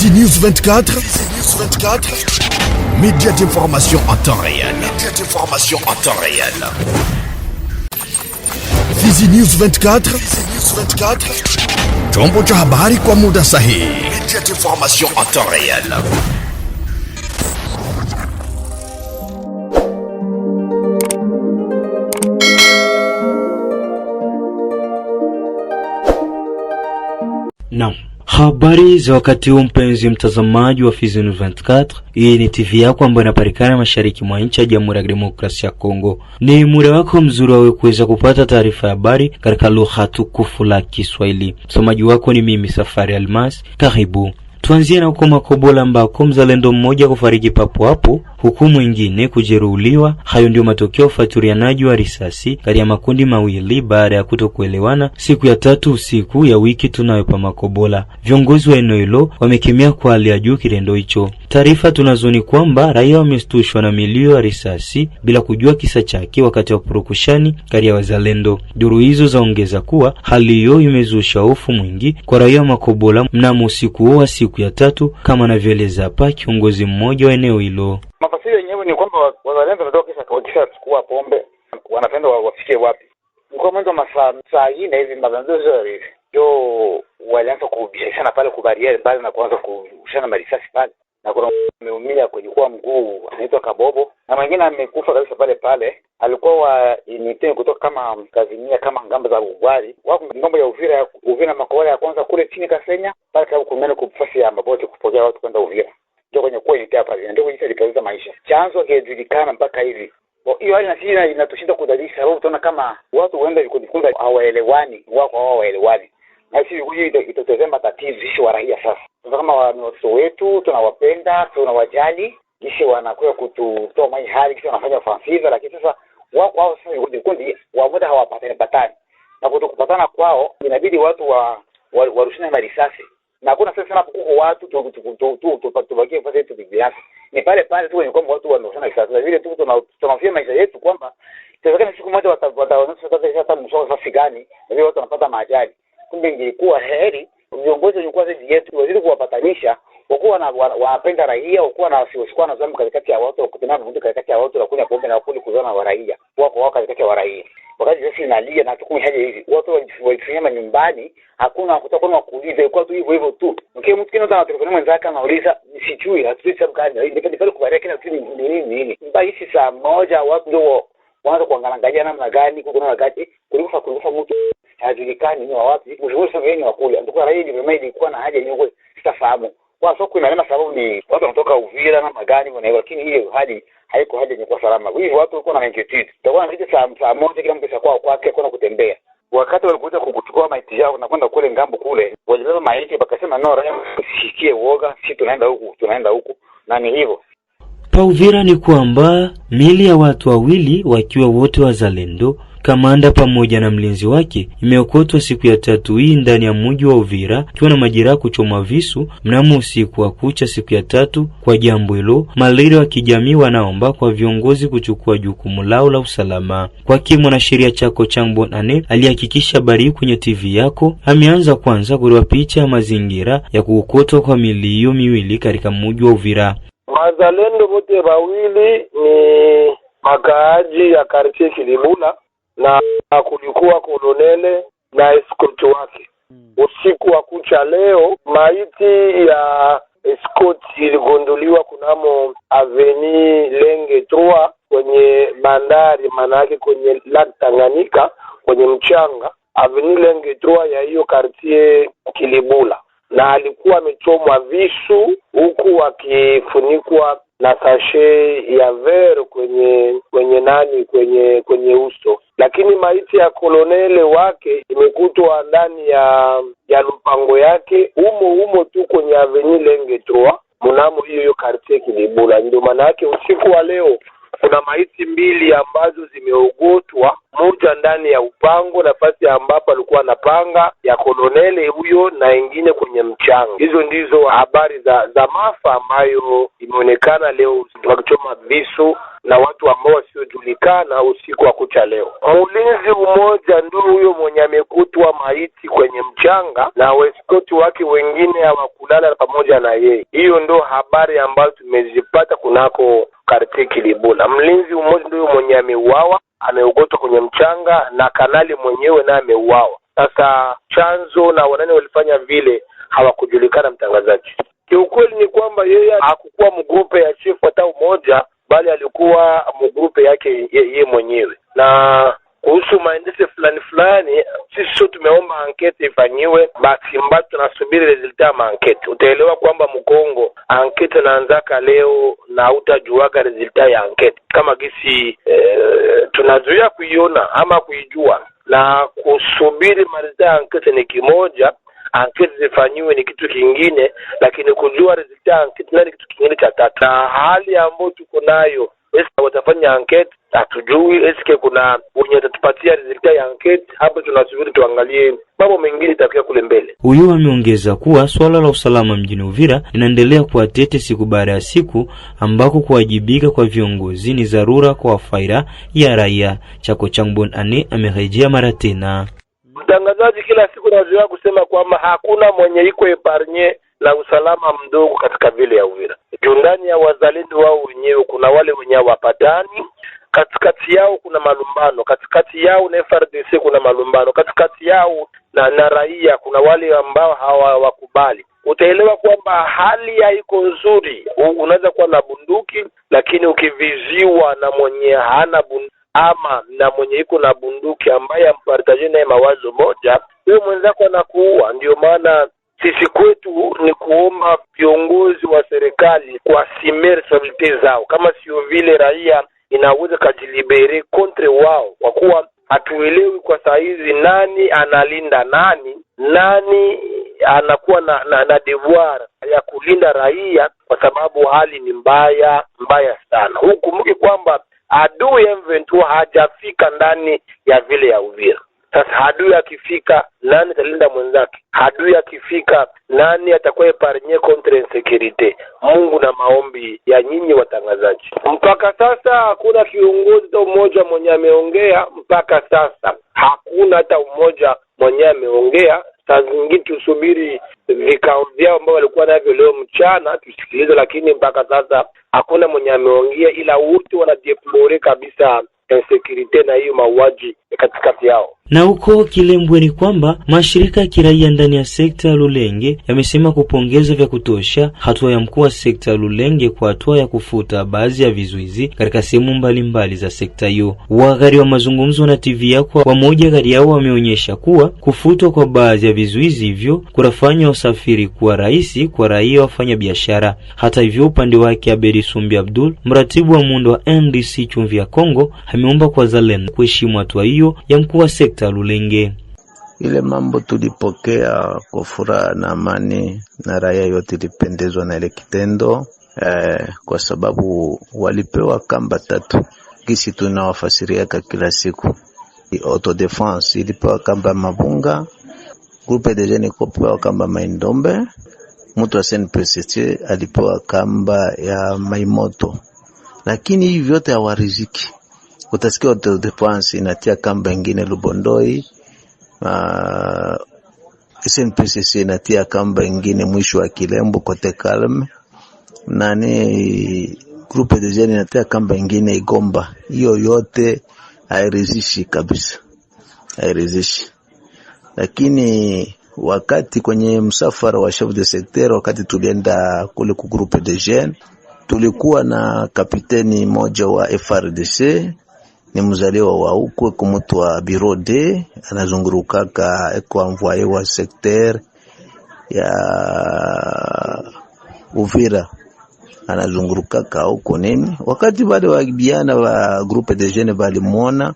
Easy News 24. Easy News 24. Média d'information en temps réel. Média d'information en temps réel. Easy News 24. Easy News 24. Chombo cha habari kwa muda sahihi. Média d'information en temps réel. Non. Habari za wakati huu mpenzi mtazamaji wa Fizi 24, hii ni TV yako ambayo inapatikana mashariki mwa nchi ya Jamhuri ya Kidemokrasia ya Kongo. Ni muda wako mzuri wawe kuweza kupata taarifa ya habari katika lugha tukufu la Kiswahili. Msomaji wako ni mimi Safari Almas. Karibu. Tuanzie na huko Makobola ambako mzalendo mmoja kufariki papo hapo huku mwingine kujeruhiwa. Hayo ndio matokeo ya ufaturianaji wa risasi kati ya makundi mawili baada ya kutokuelewana siku ya tatu usiku ya wiki tunayo pa Makobola. Viongozi wa eneo hilo wamekemea kwa hali ya juu kitendo hicho. Taarifa tunazoni kwamba raia wamestushwa na milio ya risasi bila kujua kisa chake wakati wa purukushani kati ya wazalendo. Duru hizo zaongeza kuwa hali hiyo imezusha hofu mwingi kwa raia wa Makobola mnamo usiku huo wa siku ya tatu, kama anavyoeleza hapa kiongozi mmoja wa eneo hilo. Mafasiri yenyewe ni kwamba wazalendo kuchukua pombe wanapenda wafikie wapi? Kwa mwanzo masaa saa nne hivi mapembezo hivi ndio walianza kubishana pale kubariere pale na kuanza kushana marisasi pale na kuna ameumia kwenye kujikua mguu anaitwa Kabobo, na mwingine amekufa kabisa pale pale. Alikuwa wa unité kutoka kama Kazinia, kama ngambo za Ugwari, wako ngambo ya Uvira, ya Uvira makoa ya kwanza kule chini Kasenya pale, karibu kuungana kufasi ya maboti kupokea watu kwenda Uvira, ndio kwenye kuwa unité hapa, ndio kwenye alipoteza maisha, chanzo kijulikana mpaka hivi hiyo hali nasi inatushinda kudadisha, sababu tunaona kama watu huenda vikundi vikundi hawaelewani, wako hawaelewani na sisi huyu itatezea tatizo sisi wa raia. Sasa kama ni watoto wetu, tunawapenda tunawajali, kisha wanakuwa kututoa mai hali, kisha wanafanya ufansiza, lakini sasa wako wao sasa kundi wa muda hawapatani patani, na kutokupatana kwao inabidi watu wa warushane marisasi na kuna sasa hapo kuko watu tubakie fasi yetu kibinafsi, ni pale pale tu kwenye kwamba watu wanaosana risasi na vile tu tunafia maisha yetu kwamba tunawezekana siku moja wataonyesha hata msao safi gani, na vile watu wanapata maajali kumbe ingekuwa heri viongozi walikuwa zaidi yetu wazidi kuwapatanisha, wakuwa wanapenda raia, wakuwa na wasiokuwa na dhambi katikati ya watu, wakutumia mtu katikati ya watu, lakini pombe na kuli kuzana wa raia wako wao katikati ya wa raia. Wakati sisi nalia na tukumi haja hivi, watu walifanya manyumbani, hakuna kutakuwa kuna kuuliza, ilikuwa tu hivyo hivyo tu. Mke mtu kina tana telefoni mwenzake anauliza, sijui hatujui sababu gani, ndipo ndipo kubaria kina kitu ni nini nini. Mbaya saa moja watu ndio wanaanza kuangalia namna gani, kuna wakati eh, kulikufa kulikufa mtu hajulikani ni wapi mshughuli wengi wa kule ndiko raia ni ndio ilikuwa na haja nyingi sitafahamu kwa soko inalema sababu ni watu wanatoka Uvira na magani na hiyo, lakini hiyo hadi haiko haja ni kwa salama hivi watu walikuwa na inquietude tutakuwa na kitu saa saa moja kila mtu kwa kwake kwa kutembea wakati walikuja kukuchukua maiti yao na kwenda kule ngambo kule walileta maiti bakasema no raia msikie uoga sisi tunaenda huku tunaenda huku na ni hivyo pa Uvira ni kwamba mili ya watu wawili wakiwa wote wazalendo kamanda pamoja na mlinzi wake imeokotwa siku ya tatu hii ndani ya mji wa Uvira ikiwa na majeraha kuchoma visu mnamo usiku wa kucha siku ya tatu. Kwa jambo hilo, malaria wa kijamii wanaomba kwa viongozi kuchukua jukumu lao la usalama. Kwake mwanasheria Chako Changbo Nane alihakikisha habari hii kwenye TV yako, ameanza kwanza kutoa picha ya mazingira ya kuokotwa kwa mili hiyo miwili katika mji wa Uvira. Wazalendo wote wawili ni makaaji ya Kartie Kilibula na kulikuwa kolonele na escort wake mm. Usiku wa kucha leo maiti ya escort iligunduliwa kunamo aveni lenge troa kwenye bandari, maana kwenye lake Tanganyika kwenye mchanga aveni lenge troa ya hiyo kartie Kilibula na alikuwa amechomwa visu huku akifunikwa na sashe ya ver kwenye kwenye nani kwenye kwenye uso, lakini maiti ya kolonele wake imekutwa ndani ya ya lupango yake umo umo tu kwenye aveni Lenge 3 mnamo hiyo hiyo kartie Kidibula. Ndio maana yake usiku wa leo kuna maiti mbili ambazo zimeogotwa, moja ndani ya upango, nafasi ambapo alikuwa anapanga ya koloneli huyo, na ingine kwenye mchanga. Hizo ndizo habari za, za maafa ambayo imeonekana leo wakichoma visu na watu ambao wasiojulikana usiku wa kucha leo. Mlinzi mmoja ndio huyo mwenye amekutwa maiti kwenye mchanga na weskoti wake wengine hawakulala pamoja na yeye. Hiyo ndio habari ambayo tumezipata kunako karte Kilibula. Mlinzi mmoja ndio mwenye ameuawa, ameogotwa kwenye mchanga na kanali mwenyewe naye ameuawa. Sasa chanzo na wanani walifanya vile hawakujulikana, mtangazaji. Kiukweli ni kwamba yeye hakukuwa mgupe ya chifu hata umoja, bali alikuwa mgrupe yake yeye mwenyewe. Na kuhusu maendese fulani fulani, sisi sio tumeomba ankete ifanyiwe, basi mbali tunasubiri resulta ya maankete. Utaelewa kwamba Mkongo ankete naanzaka leo na utajuaga resulta ya ankete kama gisi eh, tunazuia kuiona ama kuijua na kusubiri maresulta ya ankete ni kimoja anketi zifanyiwe ni kitu kingine, lakini kujua rezulta anketi kitu kingine cha tatu, na hali ambayo tuko nayo eske watafanya anketi hatujui, eske kuna wenye watatupatia rezulta ya anketi hapo. Tunasubiri tuangalie mambo mengine itafika kule mbele. Huyu ameongeza kuwa swala la usalama mjini Uvira linaendelea kuwa tete siku baada ya siku, ambako kuwajibika kwa viongozi ni dharura kwa faida ya raia. Chako Changbon Ane amerejea mara tena mtangazaji kila siku anazoea kusema kwamba hakuna mwenye iko eparnye na usalama mdogo katika vile ya Uvira juu ndani ya wazalendo wao wenyewe kuna wale wenye wapatani katikati yao kuna malumbano, katikati yao na FRDC kuna malumbano, katikati yao na na raia kuna wale ambao hawawakubali. Utaelewa kwamba hali haiko nzuri. Unaweza kuwa na bunduki, lakini ukiviziwa na mwenye hana bunduki ama na mwenye iko na bunduki ambaye ampartaje naye mawazo moja, huyo mwenzako anakuua. Ndio maana sisi kwetu ni kuomba viongozi wa serikali kuasimia responsabilite zao, kama sio vile raia inaweza kajilibere kontre wao, kwa kuwa hatuelewi kwa saa hizi nani analinda nani, nani anakuwa na, na, na devoir ya kulinda raia, kwa sababu hali ni mbaya mbaya sana. Hukumbuke kwamba adui M23 hajafika ndani ya vile ya Uvira. Sasa hadui akifika, nani atalinda mwenzake? Hadui akifika, nani atakuwa eparnye contre insecurite? Mungu na maombi ya nyinyi watangazaji. Mpaka sasa hakuna kiongozi hata mmoja mwenye ameongea, mpaka sasa hakuna hata mmoja mwenye ameongea saa zingine tusubiri vikao vyao ambao walikuwa navyo leo mchana tusikilize, lakini mpaka sasa hakuna mwenye ameongea, ila wote wanadeplore kabisa insekurite na hiyo mauaji katikati yao. Na huko Kilembwe ni kwamba mashirika ya kiraia ndani ya sekta ya Lulenge yamesema kupongeza vya kutosha hatua ya mkuu wa sekta ya Lulenge kwa hatua ya kufuta baadhi ya vizuizi katika sehemu mbalimbali za sekta hiyo. Wagari wa mazungumzo na TV yako, wamoja kati yao wameonyesha kuwa kufutwa kwa baadhi ya vizuizi hivyo kunafanya usafiri kuwa rahisi kwa raia wafanya biashara. Hata hivyo, upande wake Abedi Sumbi Abdul, mratibu wa muundo wa NDC Chumvi ya Kongo, ameomba kwa zalendo kuheshimu hatua hiyo ya mkuu wa sekta Dr. Lulenge. Ile mambo tulipokea kwa furaha na amani, na raia yote ilipendezwa na ile kitendo eh, kwa sababu walipewa kamba tatu kisi tunawafasiriaka kila siku. Autodefense ilipewa kamba Mabunga, groupe de jeunes kopewa kamba Maindombe, mtu wa SNPCT alipewa kamba ya Maimoto, lakini hivi vyote hawariziki utasikia Hotel de France inatia kamba ingine Lubondoi, uh, SNPCC inatia kamba ingine mwisho wa Kilembo kote Kalme, nani Groupe de Jeunes inatia kamba ingine Igomba. Hiyo yote hairidhishi kabisa, hairidhishi. Lakini wakati kwenye msafara wa chef de secteur, wakati tulienda kule ku Groupe de Jeunes, tulikuwa na kapiteni moja wa FRDC ni mzaliwa wa huko kumutwa Birode, anazungurukaka kwa amvoye wa sekter ya Uvira, anazungurukaka huko nini. Wakati wale wa vijana wa groupe de jeunes walimwona,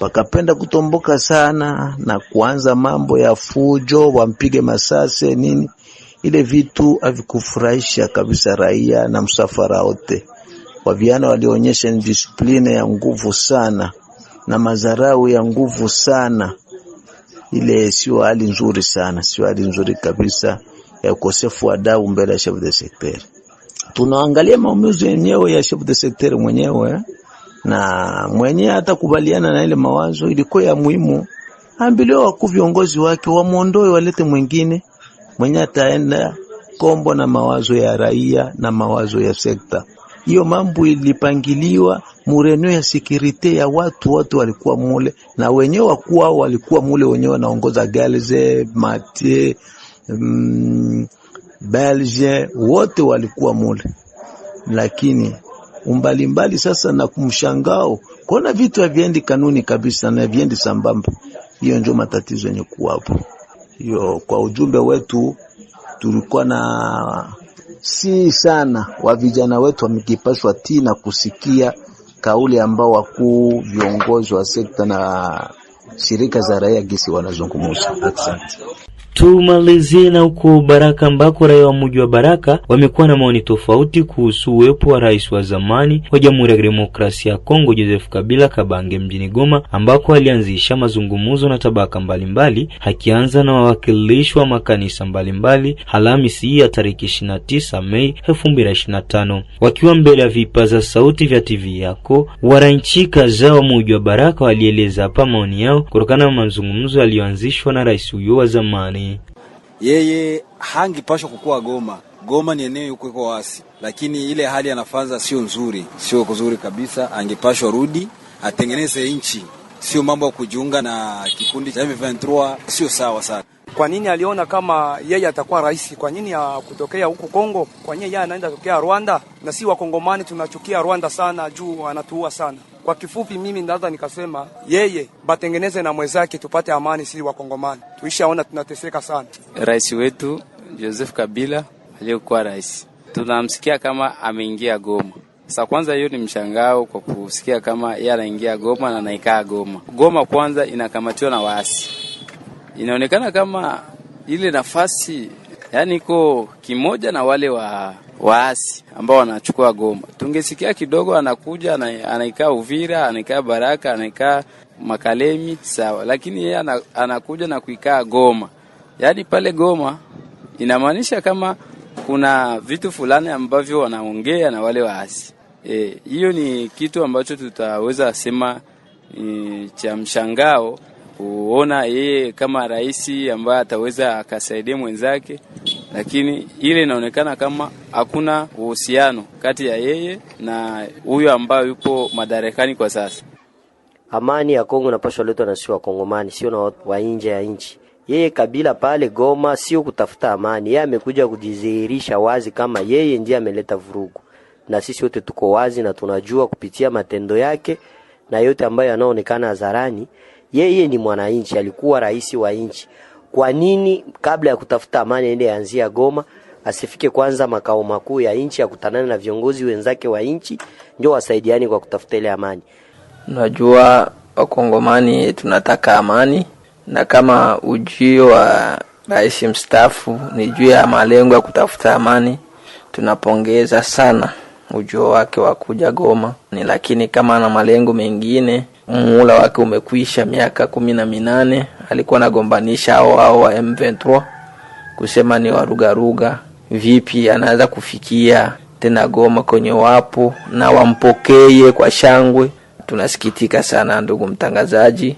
wakapenda kutomboka sana na kuanza mambo ya fujo, wampige masase nini. Ile vitu havikufurahisha kabisa raia na msafara wote kwa vijana walionyesha disipline ya nguvu sana na madharau ya nguvu sana. Ile sio hali nzuri sana, sio hali nzuri kabisa ya ukosefu wa adabu mbele ya chef de secteur. Tunaangalia maumivu yenyewe ya chef de secteur mwenyewe eh, na mwenye hata kubaliana na ile mawazo ilikuwa ya muhimu, ambilio wakuu viongozi wake wamuondoe, walete mwingine mwenye ataenda kombo na mawazo ya raia na mawazo ya sekta hiyo mambo ilipangiliwa mureno ya sekirite ya watu watu walikuwa mule na wenyewe wakuwa walikuwa mule wenyewe wanaongoza galize Mate mm, Belge wote walikuwa mule, lakini umbalimbali mbali sasa na kumshangao kuona vitu haviendi kanuni kabisa na haviendi sambamba. Hiyo ndio matatizo yenye kuwapo. Hiyo kwa ujumbe wetu tulikuwa na si sana wa vijana wetu wamekipashwa ti na kusikia kauli ambao wakuu viongozi wa sekta na shirika za raia gisi wanazungumza. Asante. Tumalizie na huko Baraka ambako raia wa mji wa Baraka wamekuwa na maoni tofauti kuhusu uwepo wa rais wa zamani wa Jamhuri ya Kidemokrasia ya Kongo Joseph Kabila Kabange mjini Goma, ambako alianzisha mazungumzo na tabaka mbalimbali akianza na wawakilishi wa makanisa mbalimbali Alhamisi hii ya tarehe 29 Mei 2025. Wakiwa mbele ya vipaza sauti vya TV yako, wananchi kadhaa wa mji wa Baraka walieleza hapa maoni yao kutokana na mazungumzo yaliyoanzishwa na rais huyo wa zamani yeye hangipashwa kukua Goma. Goma ni eneo yuko iko wasi, lakini ile hali anafanza sio nzuri, sio kuzuri kabisa. Angepashwa rudi atengeneze nchi, sio mambo ya kujiunga na kikundi cha M23, sio sawa sana. Kwa nini aliona kama yeye atakuwa rais? Kwa nini kutokea huku Kongo? Kwa nini yeye anaenda tokea Rwanda? Na si wakongomani tunachukia Rwanda sana juu anatuua sana. Kwa kifupi, mimi ndadha nikasema yeye batengeneze na mwenzake, tupate amani si wakongomani, tuishaona tunateseka sana. Rais wetu Joseph Kabila aliyekuwa rais, tunamsikia kama ameingia Goma. Sasa kwanza, hiyo ni mshangao kwa kusikia kama yeye anaingia Goma na anaikaa Goma. Goma kwanza inakamatiwa na waasi inaonekana kama ile nafasi yani iko kimoja na wale wa waasi ambao wanachukua Goma. Tungesikia kidogo anakuja anaikaa Uvira, anaikaa Baraka, anaikaa Makalemi, sawa, lakini yeye anakuja na kuikaa Goma. Yaani pale Goma inamaanisha kama kuna vitu fulani ambavyo wanaongea na wale waasi. E, hiyo e, ni kitu ambacho tutaweza sema e, cha mshangao kuona yeye kama rais ambaye ataweza akasaidia mwenzake, lakini ile inaonekana kama hakuna uhusiano kati ya yeye na huyo ambaye yupo madarakani kwa sasa. Amani ya Kongo inapaswa letwa na sio Wakongomani, sio na wa nje ya nchi. Yeye Kabila pale Goma sio kutafuta amani, yeye amekuja kujidhihirisha wazi kama yeye ndiye ameleta vurugu, na sisi wote tuko wazi na tunajua kupitia matendo yake na yote ambayo yanaonekana hadharani yeye ni mwananchi, alikuwa rais wa nchi. Kwa nini kabla ya kutafuta amani ende anzia Goma, asifike kwanza makao makuu ya nchi, akutanane na viongozi wenzake wa nchi, ndio wasaidiani kwa kutafuta ile amani. Najua wakongomani tunataka amani, na kama ujio wa rais mstaafu ni juu ya malengo ya kutafuta amani, tunapongeza sana ujio wake wa kuja Goma ni, lakini kama na malengo mengine muhula wake umekwisha miaka kumi na minane. Alikuwa anagombanisha ao ao wa m kusema ni warugaruga, vipi anaweza kufikia tena Goma kwenye wapo na wampokeye kwa shangwe. Tunasikitika sana ndugu mtangazaji.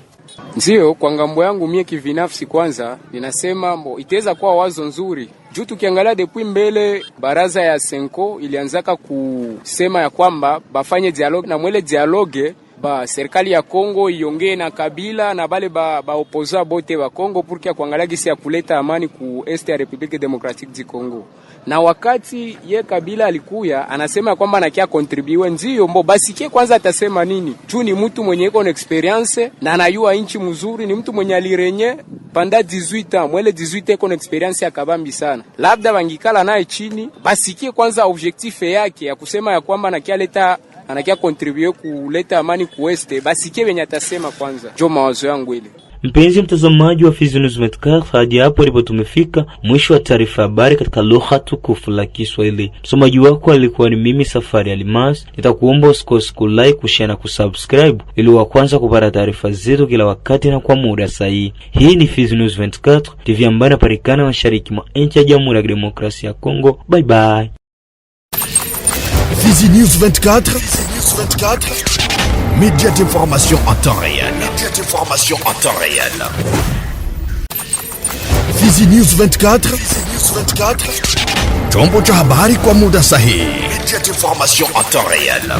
Ndiyo, kwa ngambo yangu mie kivinafsi, kwanza ninasema mbo itaweza kuwa wazo nzuri juu tukiangalia depuis mbele baraza ya Senko ilianzaka kusema ya kwamba bafanye dialoge na mwele dialoge ba serikali ya Kongo iongee na Kabila na bale ba, ba opoza bote wa Kongo purkia kuangalia gisi ya kuleta amani ku este ya Republique Democratique du Congo. Na wakati ye Kabila alikuya anasema ya kwamba anakia kontribiwe, ndio mbo basi kie kwanza atasema nini? tu? ni mtu mwenye iko na experience na anayua inchi mzuri, ni mtu mwenye alirenye panda 18 ans, mwele 18 iko na experience ya kabambi sana. Labda wangikala naye chini, basi basikie kwanza objectif yake ya kusema ya kwamba anakia leta anakia kontribue kuleta amani kuweste, basikie wenye atasema kwanza. Jo, mawazo yangu ile Mpenzi mtazamaji wa Fizi News Network, hadi hapo ndipo tumefika mwisho wa taarifa habari katika lugha tukufu la Kiswahili. Msomaji wako alikuwa ni mimi Safari alimas Nitakuomba usikose kulike, kushare na kusubscribe ili wa kwanza kupata taarifa zetu kila wakati na kwa muda sahihi. Hii ni Fizi News 24 TV ambayo inapatikana mashariki mwa nchi ya Jamhuri ya Kidemokrasia ya Kongo. Bye bye. Busy News 24. Busy News 24. Média d'information en temps réel. Média d'information en temps réel. Busy News 24. Busy News 24. Chombo cha Kwamuda Sahi. muda de Média d'information en temps réel.